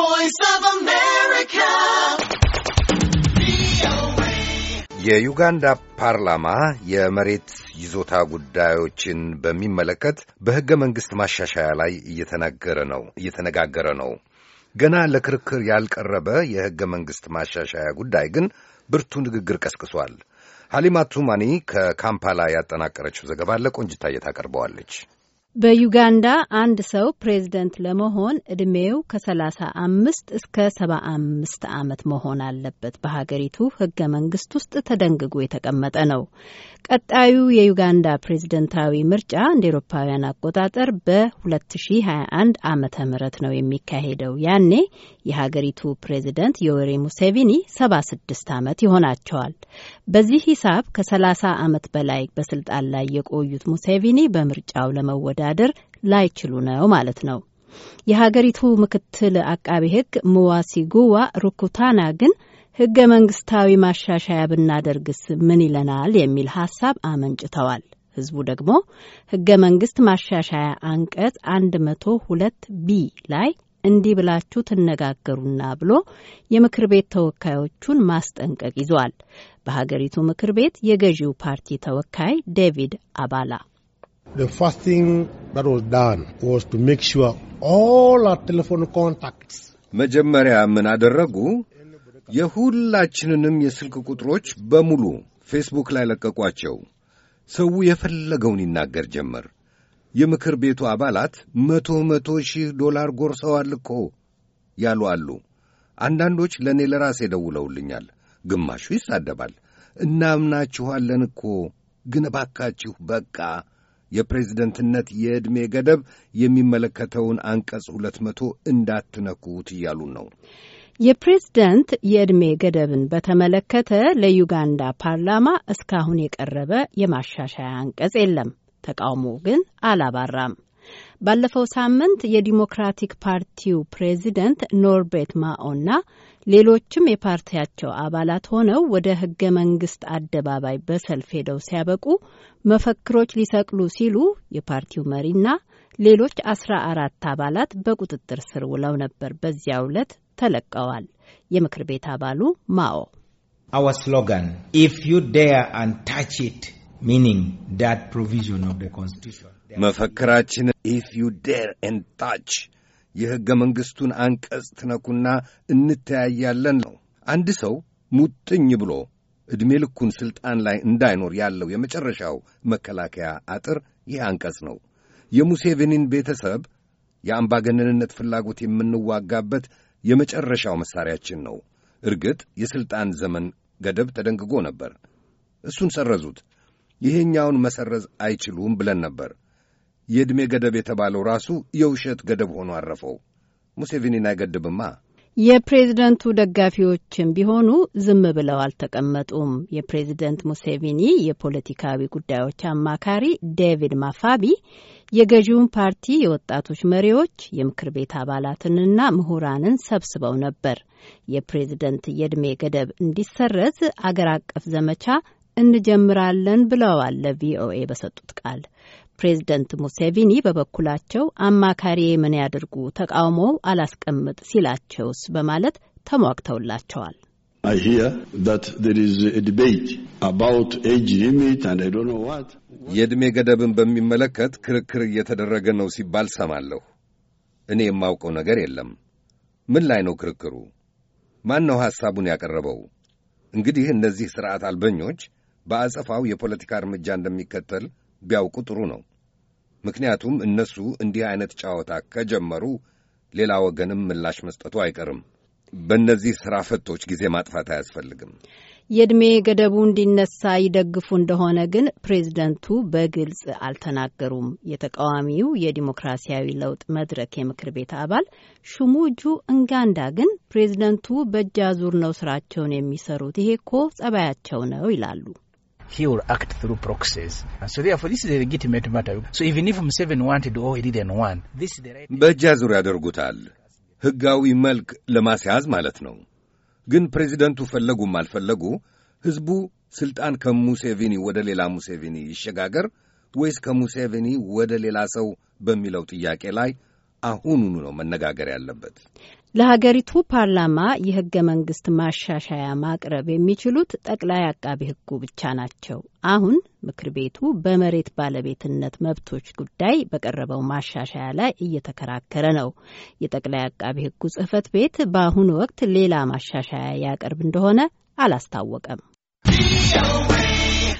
voice of America. የዩጋንዳ ፓርላማ የመሬት ይዞታ ጉዳዮችን በሚመለከት በሕገ መንግሥት ማሻሻያ ላይ እየተናገረ ነው እየተነጋገረ ነው። ገና ለክርክር ያልቀረበ የሕገ መንግሥት ማሻሻያ ጉዳይ ግን ብርቱ ንግግር ቀስቅሷል። ሀሊማ ቱማኒ ከካምፓላ ያጠናቀረችው ዘገባ ለቆንጅታ እየታቀርበዋለች። በዩጋንዳ አንድ ሰው ፕሬዝደንት ለመሆን እድሜው ከ35 እስከ 75 ዓመት መሆን አለበት። በሀገሪቱ ህገ መንግስት ውስጥ ተደንግጎ የተቀመጠ ነው። ቀጣዩ የዩጋንዳ ፕሬዝደንታዊ ምርጫ እንደ ኤሮፓውያን አቆጣጠር በ2021 ዓመተ ምህረት ነው የሚካሄደው። ያኔ የሀገሪቱ ፕሬዝደንት ዮዌሪ ሙሴቪኒ 76 ዓመት ይሆናቸዋል። በዚህ ሂሳብ ከ30 ዓመት በላይ በስልጣን ላይ የቆዩት ሙሴቪኒ በምርጫው ለመወደ ማወዳደር ላይችሉ ነው ማለት ነው። የሀገሪቱ ምክትል አቃቢ ሕግ ጉዋ ሩኩታና ግን ህገ መንግስታዊ ማሻሻያ ብናደርግስ ምን ይለናል የሚል ሀሳብ አመንጭተዋል። ህዝቡ ደግሞ ህገ መንግስት ማሻሻያ አንቀጽ 102 ቢ ላይ እንዲህ ብላችሁ ትነጋገሩና ብሎ የምክር ቤት ተወካዮቹን ማስጠንቀቅ ይዟል። በሀገሪቱ ምክር ቤት የገዢው ፓርቲ ተወካይ ዴቪድ አባላ The first thing that was done was to make sure all our telephone contacts መጀመሪያ ምን አደረጉ? የሁላችንንም የስልክ ቁጥሮች በሙሉ ፌስቡክ ላይ ለቀቋቸው። ሰው የፈለገውን ይናገር ጀመር። የምክር ቤቱ አባላት መቶ መቶ ሺህ ዶላር ጎርሰዋል እኮ ያሉ አሉ። አንዳንዶች ለእኔ ለራሴ ደውለውልኛል። ግማሹ ይሳደባል። እናምናችኋለን እኮ ግን እባካችሁ በቃ የፕሬዝደንትነት የዕድሜ ገደብ የሚመለከተውን አንቀጽ ሁለት መቶ እንዳትነኩት እያሉን ነው። የፕሬዝደንት የዕድሜ ገደብን በተመለከተ ለዩጋንዳ ፓርላማ እስካሁን የቀረበ የማሻሻያ አንቀጽ የለም። ተቃውሞ ግን አላባራም። ባለፈው ሳምንት የዲሞክራቲክ ፓርቲው ፕሬዚደንት ኖርቤት ማኦና ሌሎችም የፓርቲያቸው አባላት ሆነው ወደ ህገ መንግስት አደባባይ በሰልፍ ሄደው ሲያበቁ መፈክሮች ሊሰቅሉ ሲሉ የፓርቲው መሪና ሌሎች አስራ አራት አባላት በቁጥጥር ስር ውለው ነበር። በዚያው ዕለት ተለቀዋል። የምክር ቤት አባሉ ማኦ our slogan መፈክራችን የሕገ መንግሥቱን አንቀጽ ትነኩና እንተያያለን ነው። አንድ ሰው ሙጥኝ ብሎ ዕድሜ ልኩን ሥልጣን ላይ እንዳይኖር ያለው የመጨረሻው መከላከያ አጥር ይህ አንቀጽ ነው። የሙሴቬኒን ቤተሰብ የአምባገነንነት ፍላጎት የምንዋጋበት የመጨረሻው መሣሪያችን ነው። እርግጥ የሥልጣን ዘመን ገደብ ተደንግጎ ነበር፣ እሱን ሰረዙት። ይሄኛውን መሰረዝ አይችሉም ብለን ነበር። የዕድሜ ገደብ የተባለው ራሱ የውሸት ገደብ ሆኖ አረፈው። ሙሴቪኒን አይገድብማ። የፕሬዝደንቱ ደጋፊዎችም ቢሆኑ ዝም ብለው አልተቀመጡም። የፕሬዝደንት ሙሴቪኒ የፖለቲካዊ ጉዳዮች አማካሪ ዴቪድ ማፋቢ የገዢውን ፓርቲ የወጣቶች መሪዎች የምክር ቤት አባላትንና ምሁራንን ሰብስበው ነበር። የፕሬዝደንት የዕድሜ ገደብ እንዲሰረዝ አገር አቀፍ ዘመቻ እንጀምራለን ብለዋል ለቪኦኤ በሰጡት ቃል። ፕሬዝደንት ሙሴቪኒ በበኩላቸው አማካሪ ምን ያድርጉ ተቃውሞው አላስቀምጥ ሲላቸውስ በማለት ተሟግተውላቸዋል። የዕድሜ ገደብን በሚመለከት ክርክር እየተደረገ ነው ሲባል ሰማለሁ። እኔ የማውቀው ነገር የለም። ምን ላይ ነው ክርክሩ? ማን ነው ሐሳቡን ያቀረበው? እንግዲህ እነዚህ ሥርዓት አልበኞች በአጸፋው የፖለቲካ እርምጃ እንደሚከተል ቢያውቁ ጥሩ ነው። ምክንያቱም እነሱ እንዲህ አይነት ጨዋታ ከጀመሩ ሌላ ወገንም ምላሽ መስጠቱ አይቀርም። በእነዚህ ስራ ፈቶች ጊዜ ማጥፋት አያስፈልግም። የዕድሜ ገደቡ እንዲነሳ ይደግፉ እንደሆነ ግን ፕሬዚደንቱ በግልጽ አልተናገሩም። የተቃዋሚው የዲሞክራሲያዊ ለውጥ መድረክ የምክር ቤት አባል ሹሙጁ እንጋንዳ ግን ፕሬዚደንቱ በእጃ ዙር ነው ስራቸውን የሚሰሩት፣ ይሄ እኮ ጸባያቸው ነው ይላሉ። he will act through proxies. And so therefore this is a legitimate matter. So even if Museveni wanted or he didn't want, this is the right... በእጅ አዙር ያደርጉታል ህጋዊ መልክ ለማስያዝ ማለት ነው። ግን ፕሬዚደንቱ ፈለጉም አልፈለጉ ሕዝቡ ሥልጣን ከሙሴቪኒ ወደ ሌላ ሙሴቪኒ ይሸጋገር ወይስ ከሙሴቪኒ ወደ ሌላ ሰው በሚለው ጥያቄ ላይ አሁኑኑ ነው መነጋገር ያለበት። ለሀገሪቱ ፓርላማ የህገ መንግስት ማሻሻያ ማቅረብ የሚችሉት ጠቅላይ አቃቢ ህጉ ብቻ ናቸው። አሁን ምክር ቤቱ በመሬት ባለቤትነት መብቶች ጉዳይ በቀረበው ማሻሻያ ላይ እየተከራከረ ነው። የጠቅላይ አቃቢ ህጉ ጽህፈት ቤት በአሁኑ ወቅት ሌላ ማሻሻያ ያቀርብ እንደሆነ አላስታወቀም።